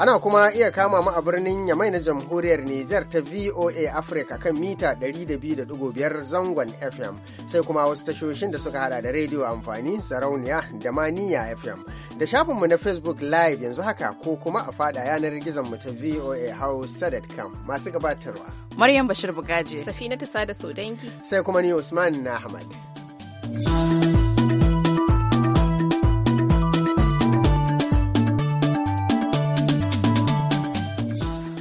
Ana kuma iya kama mu a birnin Yamai na jamhuriyar Nijar ta VOA Africa kan mita 200.5 zangon FM sai kuma wasu tashoshin da suka hada da rediyo amfani sarauniya da maniya FM da shafinmu na Facebook Live yanzu haka ko kuma a fada yanar gizon mu ta VOA Hausa.com masu gabatarwa. Maryam Bashir Bugaje. Safina Tisa da sodanki. Sai kuma ni Usman Ahmad. thank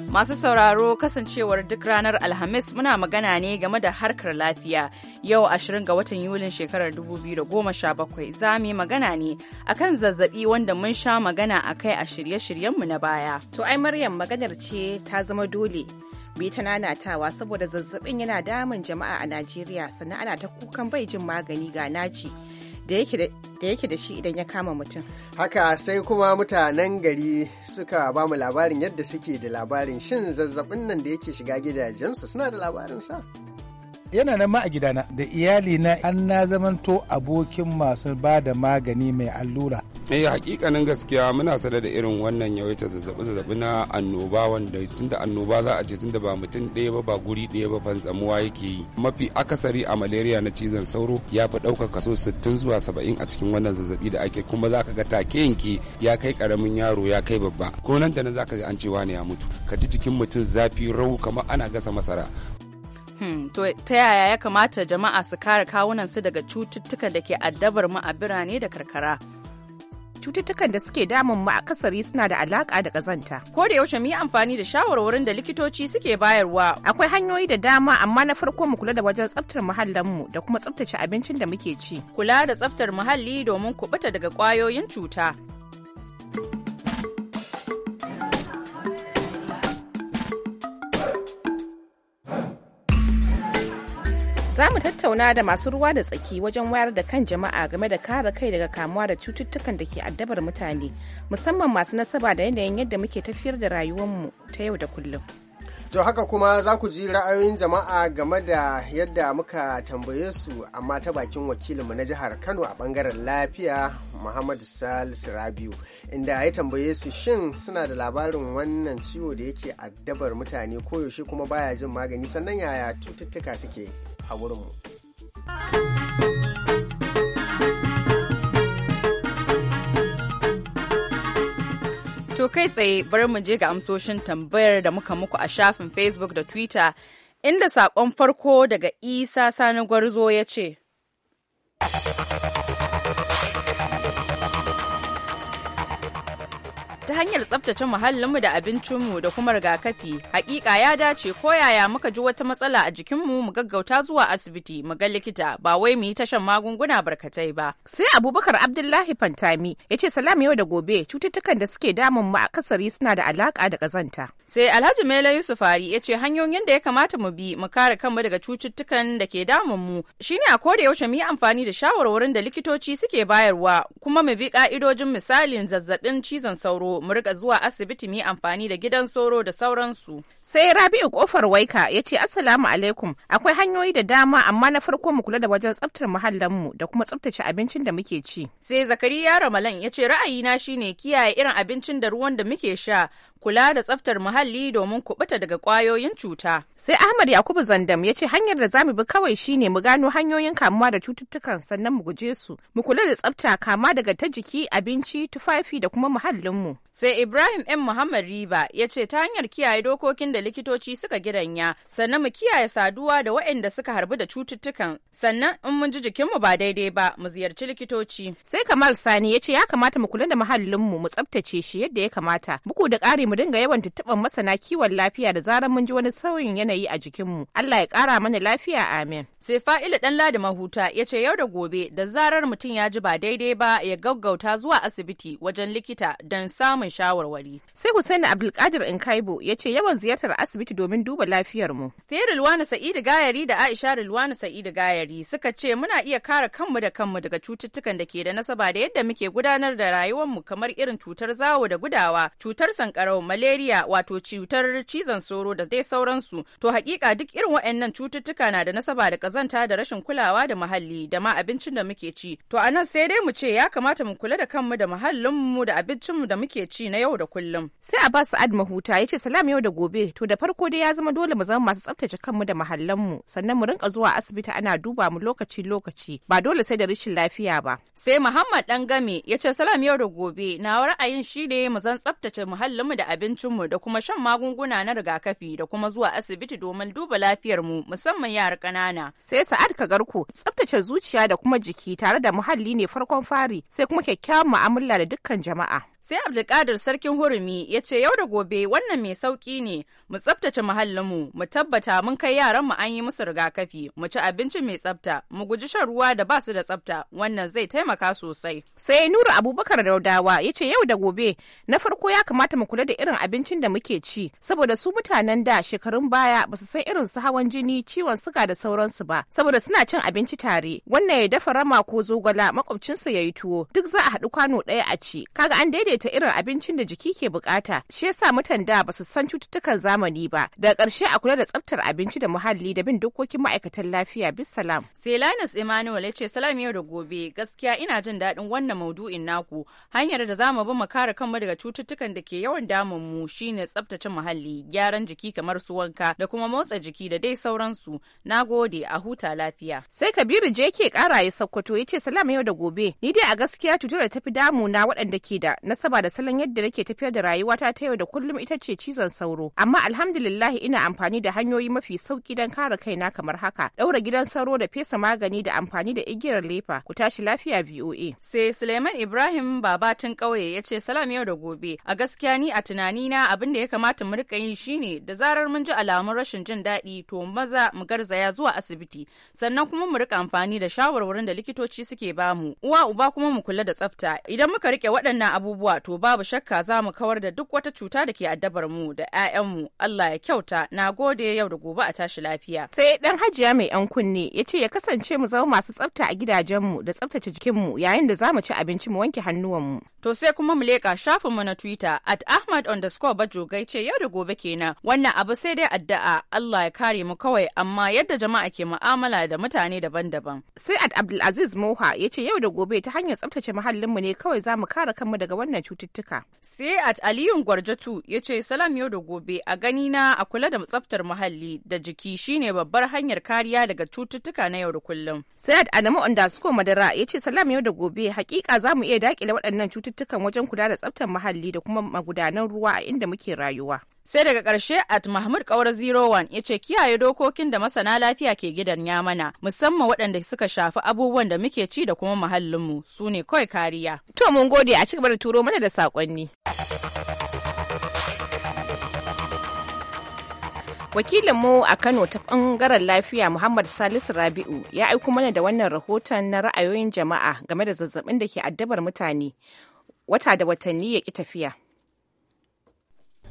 Masu sauraro kasancewar duk ranar Alhamis muna magana ne game da harkar lafiya. Yau 20 ga watan Yulin shekarar 2017 za mu yi magana ne akan zazzabi wanda mun sha magana a kai a shirye-shiryenmu na baya. To ai Maryam maganar ce ta zama dole. Bi ta nanatawa saboda zazzabin yana damun jama'a a Najeriya sannan ana ta kukan bai jin magani ga naci. da yake da shi idan ya kama mutum. Haka sai kuma mutanen gari suka ba mu labarin yadda suke da labarin shin zazzabin nan da yake shiga gidajensu suna da labarin sa. yana nan ma a gidana da iyalina an na zamanto abokin masu ba da magani mai allura eh hakikanin gaskiya muna sada da irin wannan yawaita zazzabi zazzabi na annoba wanda tunda annoba za a ce tunda ba mutum ɗaya ba ba guri ɗaya ba fantsamuwa yake yi mafi akasari a malaria na cizon sauro ya fi ɗaukar kaso 60 zuwa 70 a cikin wannan zazzabi da ake kuma za ka ga take yanki ya kai karamin yaro ya kai babba ko nan da nan za ka ga an cewa ne ya mutu ka ji cikin mutum zafi rau kamar ana gasa masara Hmm, to ta yaya ya kamata jama'a su kare kawunansu daga cututtukan da ke addabar mu a birane da karkara. cututtukan da suke damun mu a kasari suna da alaka da ƙazanta. Ko da yaushe mu yi amfani da shawarwarin da likitoci suke bayarwa. Akwai hanyoyi da dama amma na farko mu kula da wajen tsaftar mu da kuma tsaftace abincin da muke ci. Kula da tsaftar muhalli domin kubuta daga kwayoyin cuta. Za mu tattauna da masu ruwa da tsaki wajen wayar da kan jama'a game da kare kai daga kamuwa da cututtukan da ke addabar mutane, musamman masu nasaba da yanayin yadda muke tafiyar da rayuwarmu ta yau da kullum. To haka kuma za ku ji ra'ayoyin jama'a game da yadda muka tambaye su amma ta bakin wakilinmu na jihar Kano a bangaren lafiya Muhammad Salisu Rabiu inda ya tambaye su shin suna da labarin wannan ciwo da yake addabar mutane koyaushe kuma baya jin magani sannan yaya cututtuka suke. a wurinmu. To kai tsaye bari mu je ga amsoshin tambayar da muka muku a shafin Facebook da Twitter inda saƙon farko daga Isa Sani Gwarzo ya ce. ta hanyar tsabtace muhallinmu da abincinmu da kuma rigakafi hakika ya dace ko yaya muka ji wata matsala a jikinmu mu gaggauta zuwa asibiti mu ga likita ba wai mu yi ta shan magunguna barkatai ba sai abubakar abdullahi fantami ya ce salam yau da gobe cututtukan da suke damun mu a kasari suna da alaka da kazanta sai alhaji mele yusufari ya ce hanyoyin da ya kamata mu bi mu kare kanmu daga cututtukan da ke damun mu shine a koda yaushe mu yi amfani da shawarwarin da likitoci suke bayarwa kuma mu bi ka'idojin misalin zazzabin cizon sauro mu rika zuwa asibiti mu yi amfani da gidan sauro da sauransu. Sai Rabi'u kofar waika ya ce Assalamu alaikum akwai hanyoyi da dama amma na farko mu kula da wajen tsaftar muhallanmu da kuma tsaftace abincin da muke ci. Sai Zakariya Ramalan ya ce ra'ayina shine kiyaye irin abincin da ruwan da muke sha kula da tsaftar muhalli domin kubuta daga kwayoyin cuta. Sai Ahmad Yakubu Zandam ya ce hanyar da za mu bi kawai shine mu gano hanyoyin kamuwa da cututtukan sannan mu guje su. Mu kula da tsafta kama daga ta jiki, abinci, tufafi da kuma muhallinmu. Sai Ibrahim M. Muhammad Riba ya ce ta hanyar kiyaye dokokin da likitoci suka gidanya, sannan mu kiyaye saduwa da waɗanda suka harbu da cututtukan, sannan in mun ji jikinmu ba daidai ba mu ziyarci likitoci. Sai Kamal Sani ya ce ya kamata mu kula da muhallinmu mu tsaftace shi yadda ya kamata. Bugu da ƙari mu dinga yawan tuttuɓan masana kiwon lafiya da zarar mun ji wani sauyin yanayi a jikinmu. Allah ya ƙara mana lafiya amin. Sai fa'ilu ɗan ladi mahuta ya ce yau da gobe da zarar mutum ya ji ba daidai ba ya gaggauta zuwa asibiti wajen likita don samun shawarwari. Sai Hussaini Abdulkadir Inkaibo ya ce yawan ziyartar asibiti domin duba lafiyarmu. Sai Rilwana Sa'idu Gayari da Aisha Rilwana Sa'idu Gayari suka ce muna iya kare kanmu da kanmu daga cututtukan da ke da nasaba da yadda muke gudanar da rayuwarmu kamar irin cutar zawo da gudawa, cutar sankarau malaria wato cutar cizon sauro da dai sauransu to hakika duk irin waɗannan cututtuka na da nasaba da kazanta da rashin kulawa da muhalli da ma abincin da muke ci to a nan sai dai mu ce ya kamata mu kula da kanmu da muhallinmu da abincinmu da muke ci na yau da kullum sai abbas sa'ad mahuta ya ce salam yau da gobe to da farko dai ya zama dole mu zama masu tsaftace kanmu da muhallinmu sannan mu rinka zuwa asibiti ana duba mu lokaci-lokaci ba dole sai da rashin lafiya ba sai muhammad dangame ya ce salam yau da gobe na ra'ayin shi ne mu zan tsaftace muhallinmu da abincinmu da kuma shan magunguna na rigakafi da kuma zuwa asibiti domin duba lafiyarmu musamman yara ƙanana. Sai Sa'ad Ka-garku tsaftace zuciya da kuma jiki tare da muhalli ne farkon fari sai kuma kyakkyawan mu'amala da dukkan jama'a. sai abdulkadir sarkin hurumi ya ce yau da gobe wannan mai sauki ne mu tsabtace muhallinmu mu tabbata mun kai yaran mu an yi musu rigakafi mu ci abinci mai tsabta mu guji shan ruwa da ba su da tsabta wannan zai taimaka sosai sai nuru abubakar daudawa ya ce yau da gobe na farko ya kamata mu kula da irin abincin da muke ci saboda su mutanen da shekarun baya ba su san irin su hawan jini ciwon suga da sauransu ba saboda suna cin abinci tare wannan ya dafa rama ko zogala makwabcinsa ya yi tuwo duk za a haɗu kwano ɗaya a ci kaga an daidai daidaita irin abincin da jiki ke bukata shi yasa mutan da ba su san cututtukan zamani ba daga ƙarshe a kula da tsaftar abinci da muhalli da bin dokokin ma'aikatan lafiya bisalam salam sai linus emmanuel ya ce salam yau da gobe gaskiya ina jin daɗin wannan maudu'in naku hanyar da zamu bi mu kare kanmu daga cututtukan da ke yawan damun mu shine tsaftace muhalli gyaran jiki kamar su wanka da kuma motsa jiki da dai sauran sauransu gode a huta lafiya sai kabiru je ke kara ya sakkwato ya ce salam yau da gobe ni dai a gaskiya cutar da tafi damu na waɗanda ke da na nasaba da salon yadda nake tafiyar da rayuwata ta yau da kullum ita ce cizon sauro. Amma alhamdulillah ina amfani da hanyoyi mafi sauki don kare kaina kamar haka. Daura gidan sauro da fesa magani da amfani da igiyar lefa. Ku tashi lafiya VOA. Sai Suleiman Ibrahim babatun ƙauye ya ce salam yau da gobe. A gaskiya ni a tunani na abin da ya kamata mu rika yi shine da zarar mun ji alamun rashin jin daɗi to maza mu garzaya zuwa asibiti sannan kuma mu rika amfani da shawarwarin da likitoci suke bamu. Uwa uba kuma mu kula da tsafta. Idan muka rike waɗannan abubuwa abubuwa to babu shakka za mu kawar da duk wata cuta da ke addabar mu da 'ya'yanmu Allah ya kyauta na gode yau da gobe a tashi lafiya. Sai dan hajiya mai yan kunne ya ce ya kasance mu zama masu tsafta a gidajenmu da tsaftace jikinmu yayin da za mu ci abinci mu wanke hannuwanmu. To sai kuma mu leƙa shafinmu na Twitter at Ahmad underscore bajogai ce yau da gobe kenan. Wannan abu sai dai addu'a Allah ya kare mu kawai amma yadda jama'a ke mu'amala da mutane daban-daban. Sai at Abdulaziz Moha ya ce yau da gobe ta hanyar tsabtace muhallinmu ne kawai za mu kare kanmu daga wannan cututtuka. Sai at Aliyun Gwarjatu ya ce salam yau da gobe a gani na a kula da tsaftar muhalli da jiki shine babbar hanyar kariya daga cututtuka na yau da kullum. Sai at Adamu underscore Madara ya ce salam yau da gobe hakika za mu iya dakile waɗannan cututtuka cututtukan wajen kula da tsaftar muhalli da kuma magudanan ruwa a inda muke rayuwa. Sai daga ƙarshe at Mahmud Kawar 01 ya ce kiyaye dokokin da masana lafiya ke gidan mana musamman waɗanda suka shafi abubuwan da muke ci da kuma muhallinmu su ne kawai kariya. To mun gode a cigaba da turo mana da saƙonni. wakilinmu a kano ta ɓangaren lafiya muhammad salisu rabi'u ya aiko mana da wannan rahoton na ra'ayoyin jama'a game da zazzabin da ke addabar mutane wata da watanni ya ki tafiya.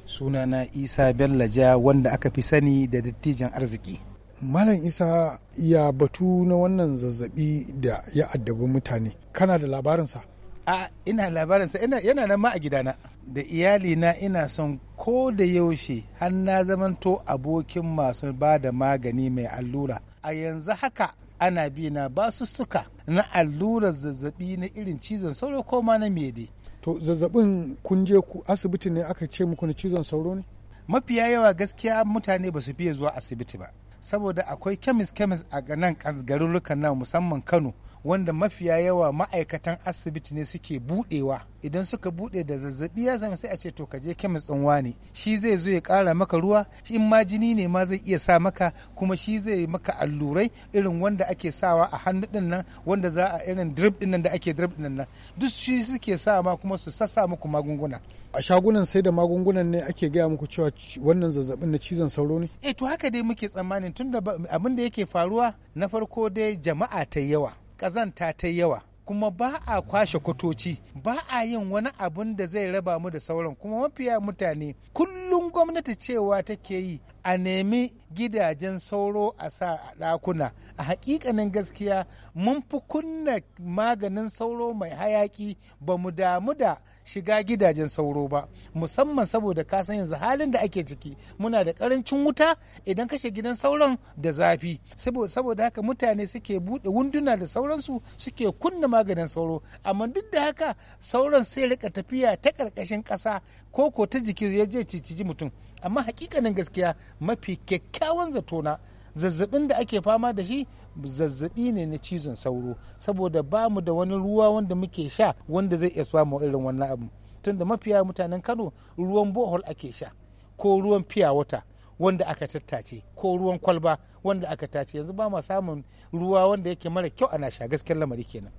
Sunana Isa Bello Ja wanda aka fi sani da dattijan arziki. Malam Isa ya batu na wannan zazzabi da ya addabi mutane. Kana da labarinsa? A ina labarinsa yana nan ma a gidana. Da iyalina ina son ko da yaushe har na zamanto abokin masu ba da magani mai allura. A yanzu haka ana bi na basussuka na allurar zazzabi na irin cizon sauro ko ma na mede to zazzabin kun je ku asibiti ne aka ce muku na cizon sauro ne mafiya yawa gaskiya mutane ba su fiye zuwa asibiti ba saboda akwai kemis kemis a nan garurukan nan musamman kano wanda mafiya yawa ma'aikatan asibiti ne suke budewa idan suka bude da zazzabi ya zama sai a ce to ka je kemis din wani shi zai zo ya kara maka ruwa in ma jini ne ma zai iya sa maka kuma shi zai maka allurai irin wanda ake sawa a hannu din nan wanda za a irin drip din nan da ake drip din nan duk shi suke sa ma kuma su sassa muku magunguna a shagunan sai da magungunan ne ake gaya muku cewa wannan zazzabin na cizon sauro ne eh to haka dai muke tsammanin tunda abin da yake faruwa na farko dai jama'a ta yawa ƙazanta ta yawa kuma ba a kwashe kwatoci ba a yin wani abun da zai raba mu da sauran kuma mafiya mutane kullum gwamnati cewa take yi a nemi gidajen sauro a sa a ɗakuna a hakikanin gaskiya mun fi kunna maganin sauro mai hayaki ba mu damu da shiga gidajen sauro ba musamman saboda ka san yanzu halin da ake ciki muna da karancin wuta idan kashe gidan sauron da zafi saboda haka mutane suke bude wunduna da sauransu suke kunna maganin sauro amma duk da haka sauran sai rika tafiya ta ƙarƙashin ƙasa ko ko ta jiki ya je ciciji mutum amma hakikanin gaskiya mafi kyakkyawan zatona zazzabin da ake fama da shi zazzabi ne na cizon sauro saboda ba mu da wani ruwa wanda muke sha wanda zai iya samu irin wannan abu tunda mafiya mutanen kano ruwan bohol ake sha ko ruwan fiya wata wanda aka tattace ko ruwan kwalba wanda aka tace yanzu ba ma samun ruwa wanda yake mara kyau ana sha gaskiyar lamari kenan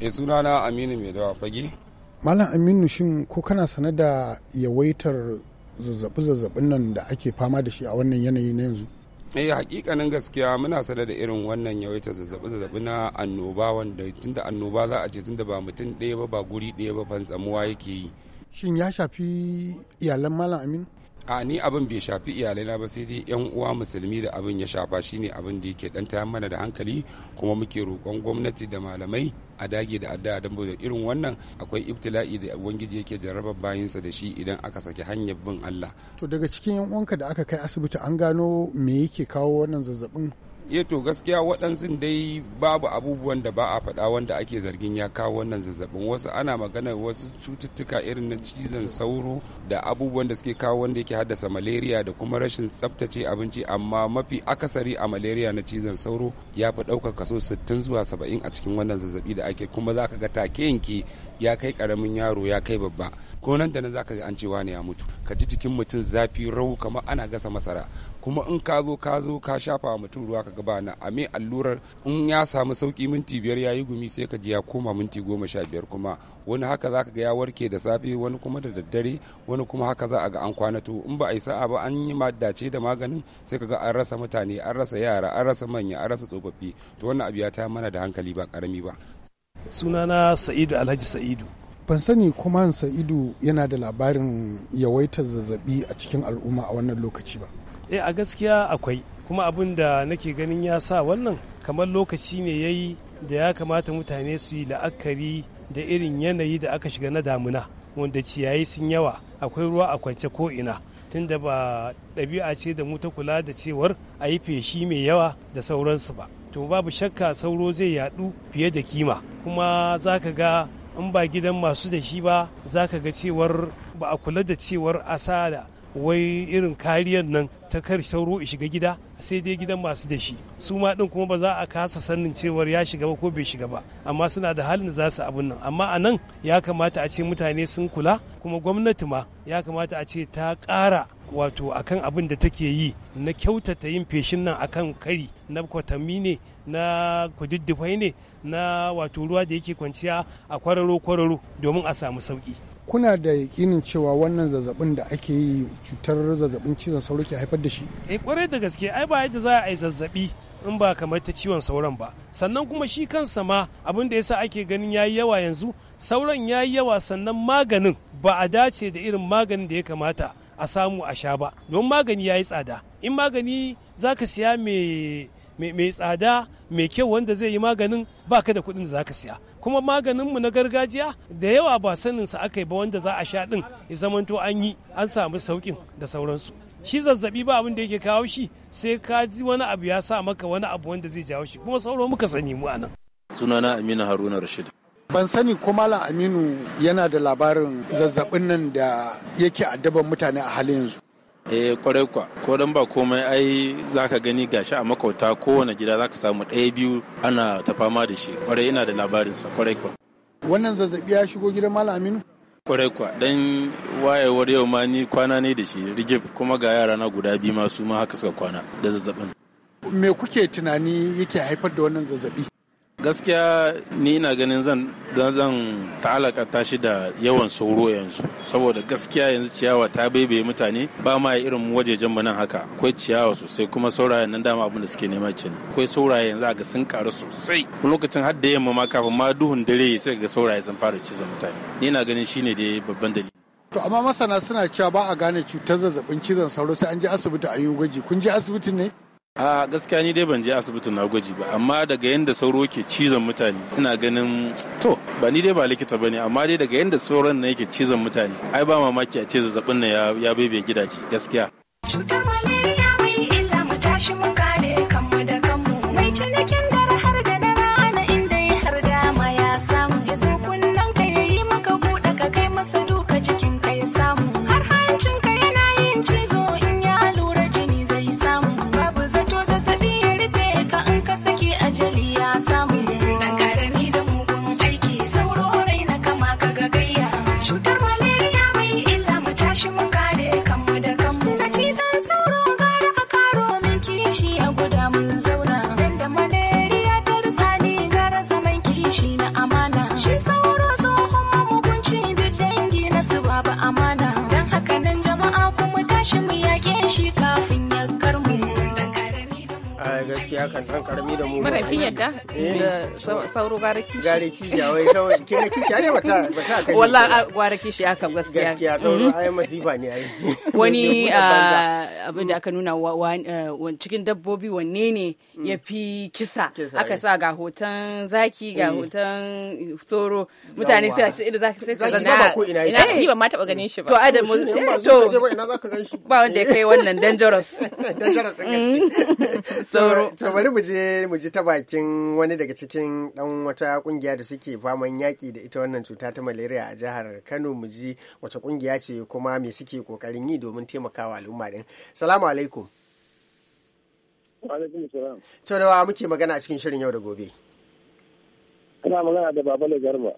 e sunana aminu mai dawa fage malam aminu shin ko kana sanar da yawaitar zazzabi zazzabin nan da ake fama da shi a wannan yanayi na yanzu eh hakikanin gaskiya muna sada da irin wannan yawaitar zazzabi zazzabi na annoba wanda tunda annoba za a ce tunda ba mutum ɗaya ba ba guri ɗaya ba fantsamuwa yake yi shin ya shafi iyalan malam amin a ni abin bai shafi iyalai na ba sai dai yan uwa musulmi da abin ya shafa shine abin da yake dan tayar mana da hankali kuma muke roƙon gwamnati da malamai a dage da addu'a dan bude irin wannan akwai ibtila'i da ubangiji yake jarraba bayinsa da shi idan aka saki hanyar bin Allah to daga cikin yan uwanka da aka kai asibiti an gano me yake kawo wannan zazzabin e to gaskiya waɗansu dai babu abubuwan da ba a faɗa wanda ake zargin ya kawo wannan zazzabin wasu ana magana wasu cututtuka irin na cizon sauro da abubuwan da suke kawo wanda yake haddasa malaria da kuma rashin tsaftace abinci amma mafi akasari a malaria na cizon sauro ya fi ɗaukar kaso 60 zuwa 70 a cikin wannan zazzabi da ake kuma za ka ga take yanke ya kai karamin yaro ya kai babba ko nan da nan zaka ga an cewa ne ya mutu ka ji jikin mutum zafi rau kamar ana gasa masara kuma in ka zo ka zo ka shafa wa mutum ruwa ka gaba na a me allurar in ya samu sauki minti biyar ya yi gumi sai ka ji ya koma minti goma sha biyar kuma wani haka zaka ga ya warke da safe wani kuma da daddare wani kuma haka za a ga an kwana to in ba a yi sa'a ba an yi dace da maganin sai ka ga an rasa mutane an rasa yara an rasa manya an rasa tsofaffi to wannan abu ya ta mana da hankali ba karami ba sunana sa'idu alhaji sa'idu ban sani kuma sa'idu yana da labarin yawaitar zazzabi a cikin al'umma a wannan lokaci ba e a gaskiya akwai kuma abin da nake ganin ya sa wannan kamar lokaci ne ya yi da ya kamata mutane su yi la'akari da irin yanayi da aka shiga na damuna wanda ciyayi sun yawa akwai ruwa a kwance ko ko'ina tunda ba ɗabi'a ce da mu ta kula da cewar a yi feshi mai yawa da sauransu ba to babu shakka sauro zai yadu fiye da kima kuma za ka ga in ba gidan masu da shi ba za ka ga cewar ba a kula da cewar sa da wai irin kariyar nan ta kar sauro ya shiga gida sai dai gidan masu da shi su ma din kuma ba za a kasa sannin cewar ya shiga ba ko bai shiga ba amma suna da halin da za su abun nan amma a nan ya kamata a ce mutane sun kula kuma gwamnati ma ya kamata a ce ta ƙara wato akan abin da take yi na kyautata yin feshin nan akan kari na kwatami ne na kududdufai ne na wato ruwa da yake kwanciya a kwararo kwararo domin a samu sauki kuna da yakinin cewa wannan zazzabin da ake yi cutar zazzabin cizon sauro ke haifar da shi eh kwarai da gaske ai ba yadda za a yi zazzabi in ba kamar ta ciwon sauran ba sannan kuma shi kansa ma abin da yasa ake ganin yayi yawa yanzu sauran yayi yawa sannan maganin ba a dace da irin maganin da ya kamata a samu a sha ba don magani ya yi tsada in magani za ka siya mai tsada mai kyau wanda zai yi maganin ba ka da kudin da za ka siya kuma maganinmu na gargajiya da yawa ba saninsa aka yi ba wanda za a sha din. ya zamanto an yi an samu saukin da sauransu shi zazzabi ba abin da yake kawo shi sai ka ji wani abu ya sa maka wani abu wanda zai jawo shi kuma sauro muka sani mu anan sunana amina haruna rashid Ban sani ko Malam Aminu yana da labarin zazzabin nan da yake addaban mutane a halin yanzu. eh kwarai kwa ko dan ba komai ai zaka gani gashi a makauta kowane gida zaka samu ɗaya biyu ana ta fama da shi kwarai ina da labarin sa kwarai kwa wannan zazzabi ya shigo gidan malam aminu kwarai kwa dan wayewar yau ma ni kwana ne da shi rigib kuma ga yara na guda biyu ma su ma haka suka kwana da zazzabin me kuke tunani yake haifar da wannan zazzabi gaskiya ni ina ganin zan zan ta'alaka tashi da yawan sauro yanzu saboda gaskiya yanzu ciyawa ta baibaye mutane ba ma irin wajejen mu nan haka akwai ciyawa sosai kuma saurayen nan dama abin da suke nema kenan akwai saurayen yanzu ga sun karu sosai lokacin har da yamma ma kafin ma duhun dare sai ga saurayen sun fara cizon mutane ni ina ganin shine dai babban dalili To amma masana suna cewa ba a gane cutar zazzabin cizon sauro sai an je asibiti a yi gwaji. Kun je asibiti ne? a gaskiya ni dai ban je asibitin na gwaji ba amma daga yadda sauro ke cizon mutane ina ganin to ba ni dai ba likita ne, amma dai daga yadda sauron na yake cizon mutane ai ba mamaki a ce zazzabin na ya bebe gidaje gaskiya cutar malaria mai illa mu tashi mu gaskiya kan dan karami da mu mara fi yadda eh. sauro gare kishi gare kishi wai kawai ke kin kishi ne bata bata kai wallahi gare kishi akan gaskiya gaskiya sauro mhm. ai masifa ne ai wani abin da aka nuna eh, cikin dabbobi wanne ne ya mm. fi kisa aka sa ga hoton zaki ga eh. hoton sauro mutane sai a ce ina zaki sai ta zanna ina ba ma taba ganin shi ba to adam to ba wanda ya kai wannan dangerous dangerous mm. sauro to bari mu je mu ji ta bakin wani daga cikin dan wata kungiya da suke faman yaki da ita wannan cuta ta malaria a jihar Kano mu ji wace kungiya ce kuma me suke kokarin yi domin taimakawa al'umma din. Salamu alaikum. Wa alaikum salam. To da muke magana a cikin shirin yau da gobe. Ana magana da Babala Garba.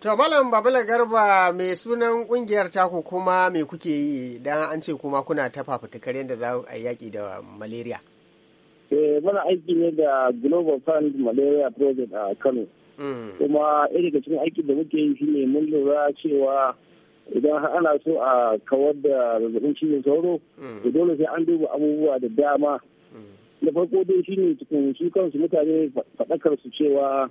To Malam Babala Garba mai sunan kungiyar taku kuma me kuke yi dan an ce kuma kuna ta fafutukar yadda za a yaƙi da malaria. Eh, muna aiki ne da global fund malaria project a kano mm. kuma irin daga cikin aikin da muke yi shine mun lura cewa idan ana so a kawar da zazzabin cizon sauro mm. to dole sai an duba abubuwa da dama da mm. farko dai shine cikin shi kansu mutane faɗakar su cewa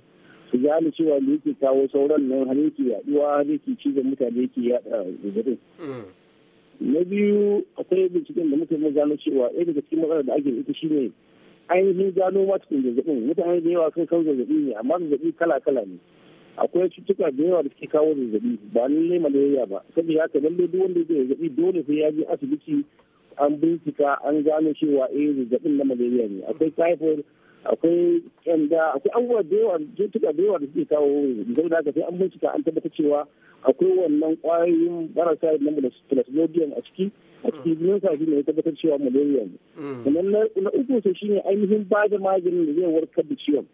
su gane cewa da yake kawo sauran nan hannun ke yaduwa da ke cizon mutane ke yaɗa zazzabin na biyu akwai binciken da muka gano cewa irin daga cikin matsalar da ake ita shine ainihin gano matukin zazzabin mutane da yawa sun san zazzabi ne amma zazzabi kala kala ne akwai cutuka da yawa da suke kawo zazzabi ba lallai malaria ba saboda haka lallai duk wanda zai zazzabi dole sai ya je asibiti an bincika an gano cewa eh zazzabin na malaria ne akwai typhoid akwai kyanda akwai abubuwa da yawa cutuka da yawa da suke kawo zazzabi da haka sai an bincika an tabbata cewa akwai wannan kwayoyin marasa na plasmodium a ciki a cikin jinin ne ya tabbatar cewa malaria ne mm. sannan na uku sai shine ainihin ba da maganin da zai warkar da ciwon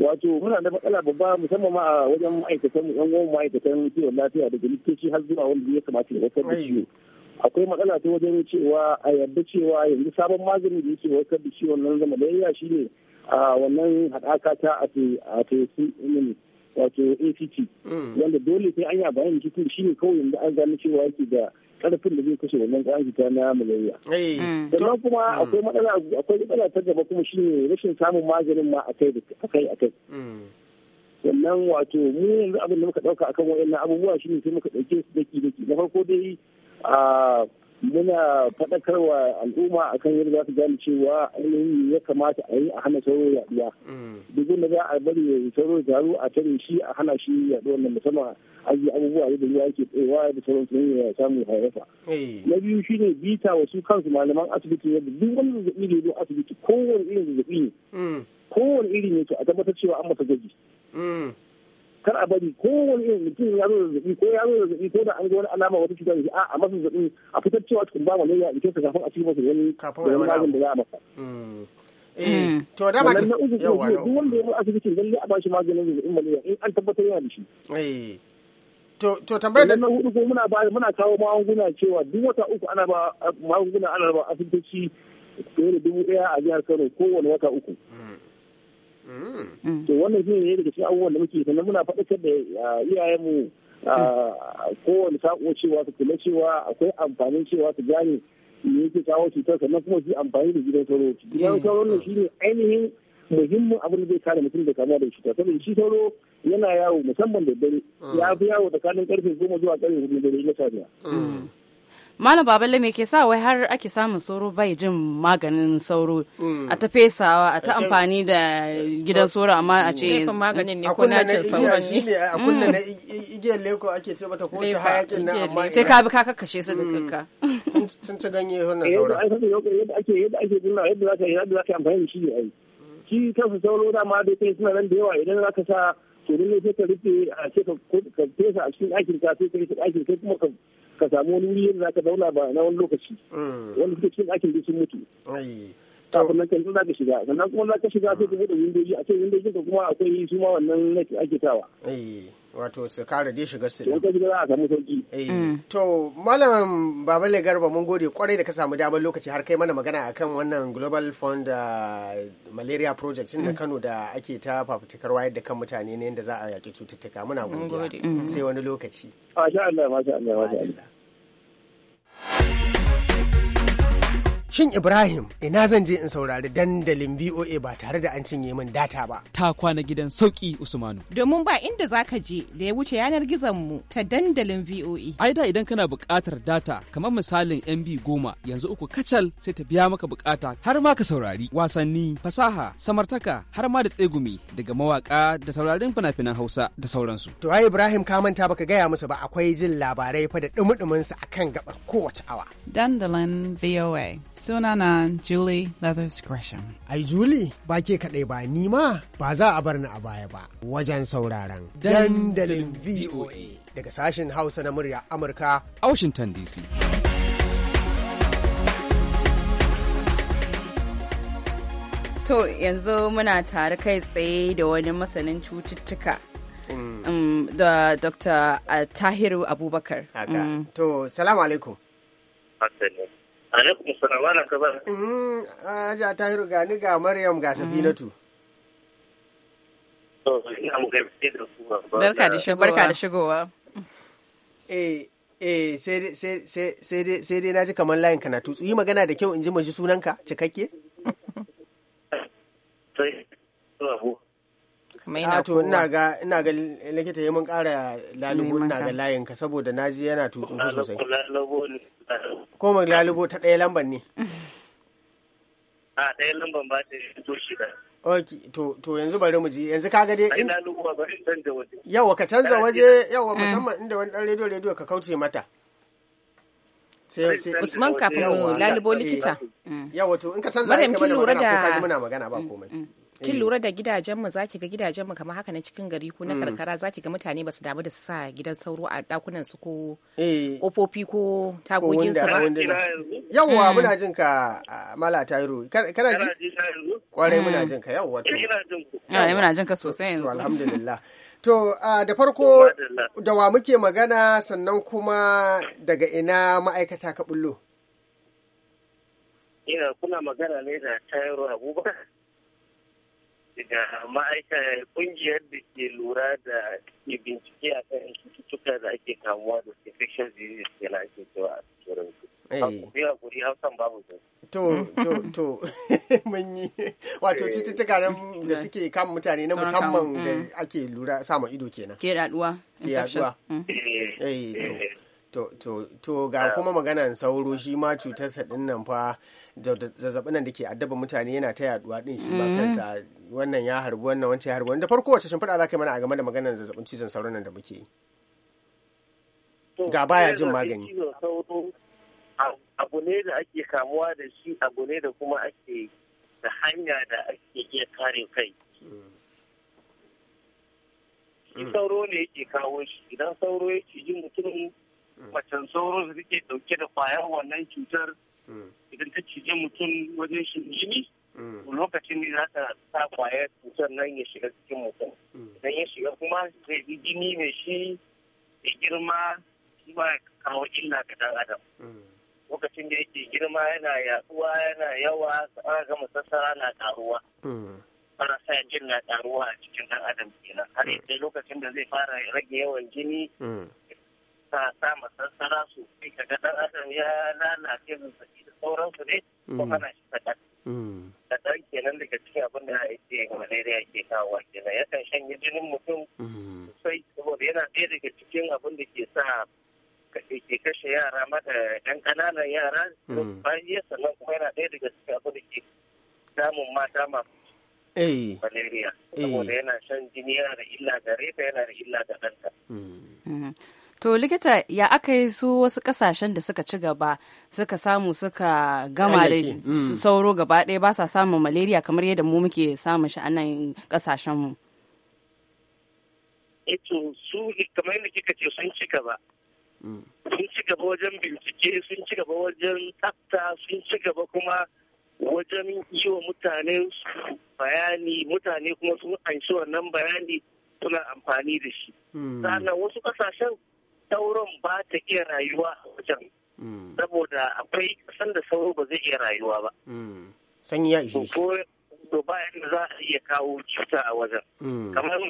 wato muna da matsala babba musamman ma a wajen ma'aikatan mu yan goma ma'aikatan kiwon lafiya daga likitoci har zuwa wanda ya kamata ya warkar da ciwo akwai matsala ta wajen cewa a yarda cewa yanzu sabon maganin da yake warkar da ciwon nan zama malaria shine a wannan haɗaka ta mm, a teku wato act wanda dole sai an yi bayan cikin shi ne kawai yanzu an gano cewa yake da karfin da zai kashe wannan kan cuta na malaria. Eh, mm. Sannan kuma mm. akwai matsala akwai matsala ta gaba kuma ne rashin samun maganin ma akai a kai. Mm. Sannan wato mu yanzu abin da muka ɗauka akan wayannan abubuwa shi ne sai muka ɗauke su daki daki na farko dai a ah, muna faɗakarwa al'umma akan yadda za su gane cewa ainihin ya kamata a yi a hana sauro yaduwa duk wanda za a bari sauro taru a tare shi a hana shi yaduwa wanda musamman aji abubuwa yadda ruwa yake tsayawa da sauran su ya samu hayyafa eh. na biyu shine bita wa su kansu malaman asibiti yadda duk wani zazzaɓi da don asibiti kowane irin zazzaɓi ne mm. kowane irin ne to a tabbatar cewa an masa gaji mm. kar a bari kowane irin mutum ya zo zazzabi ko ya zo zazzabi ko da an ga wani alama wata cuta a a masa zazzabi a fitar cewa cikin ba malaria in kesa kafin a cikin masa wani wani magani da za a masa. Hmm. Eh, hmm. to da ma ta yawa duk wanda ya zo asibitin a bashi maganin zazzabin malaria in an tabbatar da shi. Eh. To to muna kawo magunguna cewa duk wata uku ana ba magunguna ana ba asibitoci fiye da dubu daya a jihar Kano kowane wata uku. to wannan shi ne daga cikin abubuwan da muke sannan muna faɗakar da iyayenmu kowane sako cewa su kula cewa akwai amfanin cewa su gane me yake kawo cutar sannan kuma su amfani da gidan sauro gidan sauro ne ainihin muhimmin abin da zai kare mutum da kamuwa da cuta saboda shi sauro yana yawo musamman da dare mm. ya fi yawo tsakanin karfe goma zuwa karfe hudu dare na safiya mm. malam baballe me ke sa wai har ake samun sauro bai jin maganin sauro a ta fesawa a ta amfani da gidan sauro amma a ce maganin ne ko nacin sauron ne a kunna mm. na igiyar leko ake ce mata ko ta hayakin na amma sai ka bi ka kakkashe su da mm. kanka sun ci ganye wannan eh, sauro. yadda ake yadda ake jin yadda za ka yadda za ka amfani da shi ai shi kansa sauro ma da kai suna nan da yawa idan za ka sa to ne sai ka rufe a ce ka fesa a cikin ɗakin ka sai ka rufe ɗakin kai kuma ka ka samu wani wuri yadda zaka zauna ba na wani lokaci mm. wanda suke cikin ake da sun mutu kafin nan kan za ka shiga sannan kuma za ka shiga sai ka bude windoji a cikin windojin ka kuma akwai suma ma wannan ake tawa wato su kare dai shiga su eh, mm. to malam babale garba mun gode kwarai da ka samu damar lokaci har kai mana magana akan wannan global fund uh, malaria project na mm. kano da ake ta fafutukar wayar da kan mutane ne yadda za a yaki cututtuka muna godiya mm. sai wani lokaci masha Allah masha Allah masha Allah Shin Ibrahim ina zan je in saurari dandalin VOA ba tare da an cinye min data ba. Ta kwana gidan sauki Usmanu. Domin ba inda za ka je da ya wuce yanar gizon mu ta dandalin VOA. Ai da idan kana buƙatar data kamar misalin MB goma yanzu uku kacal sai ta biya maka buƙata har ma ka saurari wasanni, fasaha, samartaka har ma da tsegumi daga mawaka da taurarin fina-finan Hausa da sauransu. To ai Ibrahim ka manta baka gaya musu ba akwai jin labarai fa da dumudumin su akan gabar kowace awa. Dandalin VOA. na Julie Leathers Gresham. Ai Julie ba ke kaɗai ba ni ma ba za a bar ni a baya ba wajen sauraron dandalin VOA daga sashen Hausa na murya Amurka a Washington DC. To yanzu muna tare kai tsaye da wani masanin cututtuka. Mm. Mm, da Dr. Uh, Tahiru Abubakar. Haka. Mm. To, salamu alaikum. Assalamu alaikum salam ana kabar mm aja tahiru gani ga maryam ga safinatu mm. barka da shigowa barka da shigowa eh eh sai dai na ji kamar layin ka na tutsu yi magana da kyau in ji maji sunanka cikakke kuma yana ah, to ina ga ina ga likita yayin mun ƙara lalubo ina ga layin ka saboda naji yana tutsu sosai ko mun lalubo ta ɗaya lambar ne a ɗaya lambar ba ta to shi da Ok, to, to yanzu bari mu ji yanzu kaga dai in yawa ka canza waje yawa mm. musamman inda wani dan rediyo rediyo ka kauce mata Usman kafin mu lalubo likita. Eh, yawa to in ka canza yake mana magana ko ka ji muna magana ba mm, komai. Mm, kin eh. lura da gidajen mu zaki ga gidajen mu kamar haka na cikin gari ko na mm. karkara zaki ga mutane basu damu da su sa gidan sauro a dakunan su ko kofofi eh. ko tagogin su ba yawwa mm. muna jin ka mala tairu kana ji kwarai muna mm. eh, jin ka yawwa to muna jin ka sosai yanzu alhamdulillah to da farko da wa muke magana sannan kuma daga ina ma'aikata ka bullo ina kuna magana ne da tayar abubakar da ma'aikatan kungiyar da ke lura da ke bincike a kan cututtuka da ake kamuwa da infectious disease ke na ake cewa a turanci. Eh. babu To, to, to, mun yi wato eh. cututtuka da eh. suke kan mutane na musamman da mm. ake lura sama ido kenan. Ke raduwa. Ke raduwa. Mm. Eh, to. To, to, to ga kuma maganan sauro shi ma cutar saɗin nan fa zazzabin nan da ke addaba mutane yana ta yaduwa din shi ba mm. kansa wannan ya harbi wannan wancan ya harbi wannan da farko wacce shimfiɗa za ka yi mana a game da maganar zazzabin cizon sauro nan da muke yi ga baya jin magani abu ne da ake kamuwa da shi abu ne da kuma ake da hanya da ake iya kare kai mm. shi sauro ne yake kawo shi idan sauro yake ciji mutum Mm. macen sauro da take dauke da kwayar wannan cutar mm. idan ta cije mutum wajen jini. Mm. lokacin ne za ta sa kwayar cutar nan ya shiga cikin mutum idan ya shiga kuma zai bi jini mai shi ya girma shi ba kawo illa ga dan adam lokacin da yake girma yana yaduwa yana yawa ana ga musassara na karuwa marasa jin na karuwa a cikin dan adam kenan har sai lokacin da zai fara rage yawan jini sa sa masassara su sai kaga dan adam ya lalace zazzabi da sauransu ne ko kana mm. shi saka da dan kenan daga cikin abin da ake malaria ke kawo kenan yakan shanye jinin mutum mm. sosai saboda yana ɗaya daga cikin abin da ke sa ke kashe yara mata yan ƙananan yara mm. bayan sannan kuma yana ɗaya daga cikin abin da ke damun mata masu eh. malaria eh. saboda yana shan jini yana da illa ga reta yana da illa ga ɗanta. To likita ya aka yi su wasu kasashen da suka ci gaba suka samu suka gama da mm. sauro gaba ɗaya ba sa samun malaria kamar yadda mu muke samun shi a nan kasashenmu. Eto eh, su kamar yadda kika ce sun ci gaba. Mm. Sun ci gaba wajen bincike, sun ci gaba wajen tsafta, sun ci gaba kuma wajen yi wa mutane bayani, mutane kuma sun anshi wannan bayani suna amfani da shi. Mm. Sannan wasu kasashen sauron ba ta iya rayuwa a wajen hmm. saboda akwai kasan da sauro ba zai iya rayuwa ba hmm. sanyi ya ishe shi to ba yadda za a iya kawo cuta a wajen hmm. kamar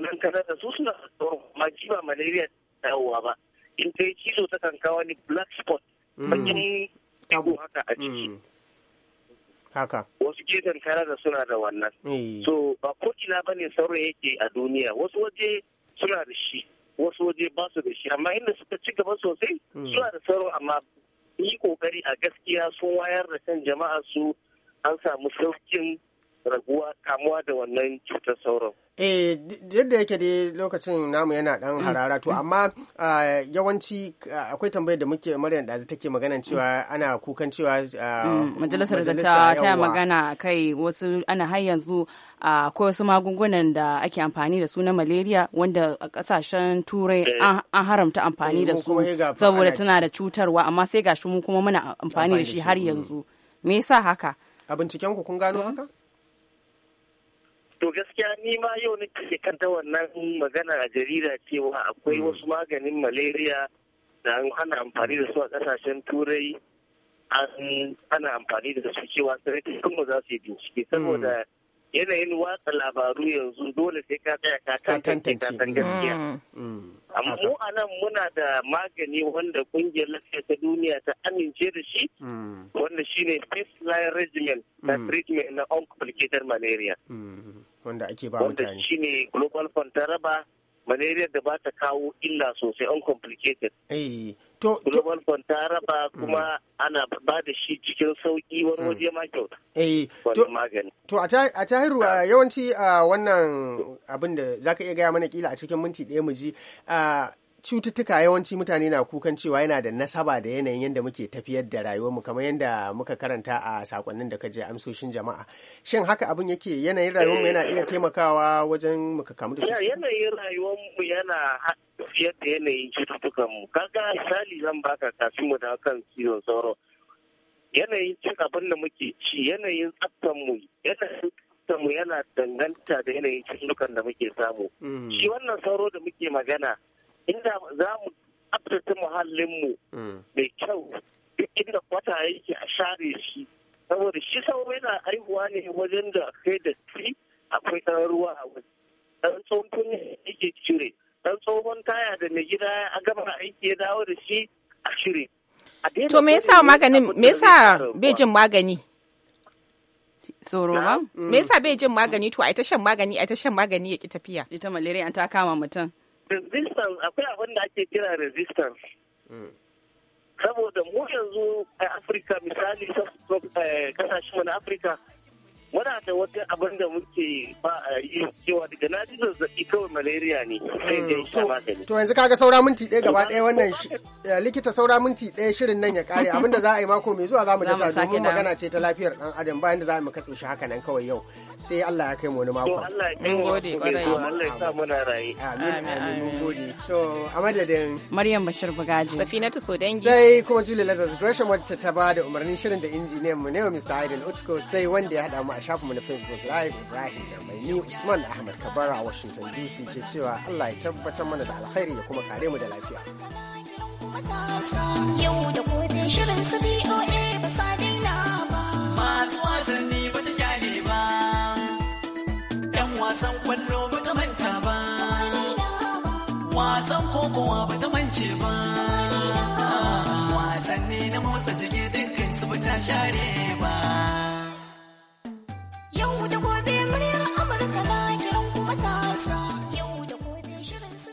nan kaza da su suna sauron ma ba malaria ta dawowa ba in ta yi cizo ta kan kawo ni black spot bakin tabo haka a ciki haka wasu gefen da suna da wannan eh. so ba ko ina ba ne sauro yake a duniya wasu waje suna da je ba su da shi amma inda suka ci gaba sosai hmm. suna da tsaro amma yi kokari a gaskiya sun wayar da kan jama'a su an samu saukin raguwa kamuwa da wannan cutar sauran. Eh, yadda yake dai lokacin namu yana dan harara to amma yawanci akwai tambayar da muke Maryam Dazu take magana cewa ana kukan cewa mm, majalisar da ta magana kai wasu ana har yanzu akwai wasu magungunan da ake amfani da su na malaria wanda a kasashen turai eh. an haramta amfani eh, da su saboda tana da cutarwa amma sai gashi mu kuma muna amfani da shi har mm. yanzu me yasa haka a binciken ku kun gano mm. haka To gaskiya ni ma yau ke kan ta wannan magana a jarida cewa akwai hmm. wasu maganin malaria da an hana amfani da su a kasashen turai ana amfani da su cewa kuma za su yi bincike hmm. saboda yanayin watsa labaru yanzu dole sai ka tsaya ka tantance ka gaskiya. Hmm. Amma mu a nan muna da magani wanda kungiyar lafiya ta duniya ta amince da shi wanda shine fifth line regimen na treatment na uncomplicated malaria. wanda ake ba mutane wanda shine global fund ta raba malaria da ba ta kawo illa sosai uncomplicated eh to global fund ta raba kuma ana ba da shi cikin sauki wani mm. waje ma kyauta eh to magani to a tahiru yawanci wannan abin da za ka iya gaya mana kila a cikin minti ɗaya mu ji cututtuka yawanci mutane na kukan cewa yana da nasaba da yanayin yadda muke tafiyar da rayuwarmu kamar yadda muka karanta a sakonnin da kaje amsoshin jama'a shin haka abin yake yanayin rayuwarmu yana iya taimakawa wajen muka kamu da cututtuka yanayin rayuwarmu yana tafiyar da yanayin cututtukan cututtukanmu kaga misali zan baka kafin mu da kan cizon sauro yanayin cin abin da muke ci yanayin tsaftanmu yanayin mu yana danganta da yanayin cututtukan da muke samu. Mm. Shi wannan sauro da muke magana inda za mu tsabtace muhallinmu mm. mai kyau duk inda kwata yake a share shi saboda shi sauro yana haihuwa ne wajen da kai da ti akwai ɗan ruwa a waje ɗan tsohon yake cire ɗan tsohon taya da mai gida a gaba aiki ya dawo da shi a cire to me yasa maganin me yasa bai jin magani tsoro ba me yasa mm. bai jin magani to a ita shan magani a ita shan magani ya ki tafiya ita malaria ta kama mutum resistance akwai abin da ake kira resistance hmm. saboda mu yanzu a afirka misali eh, kasashenmu na afirka muna da wata abin da muke ba a yi cewa daga na ji zazzaɓi kawai malaria ne sai da sha hmm. magani. To yanzu kaga saura minti ɗaya gaba ɗaya wannan eh, likita saura minti ɗaya shirin nan ya ƙare abin da za a yi mako mai zuwa za mu dasa domin magana ce ta lafiyar ɗan adam bayan da za mu katse shi haka nan kawai yau sai Allah ya kai mu wani mako. Allah ya kai mu Allah ya sa muna raye. Amin amin mun gode. To a madadin Maryam Bashir Bugaji. Safinatu Sodangi. Sai kuma Julie Lazarus Gresham wacce ta ba da umarnin shirin da injiniyan mu ne wa Mr. Aiden Utko sai wanda ya haɗa mu a shafinmu na facebook live ibrahim jarmai ni usman ahmad kabara washington dc ke cewa allah ya tabbatar mana da alkhairi ya kuma kare mu da lafiya yau da gobe shirin su BOA ba Masu wasanni ba ta kyale ba, ‘yan wasan kwallo ba ta manta ba, wasan kokowa ba ta mance ba. Wasanni na motsa jiki dukkan su ba ta share ba. 我舞在河边。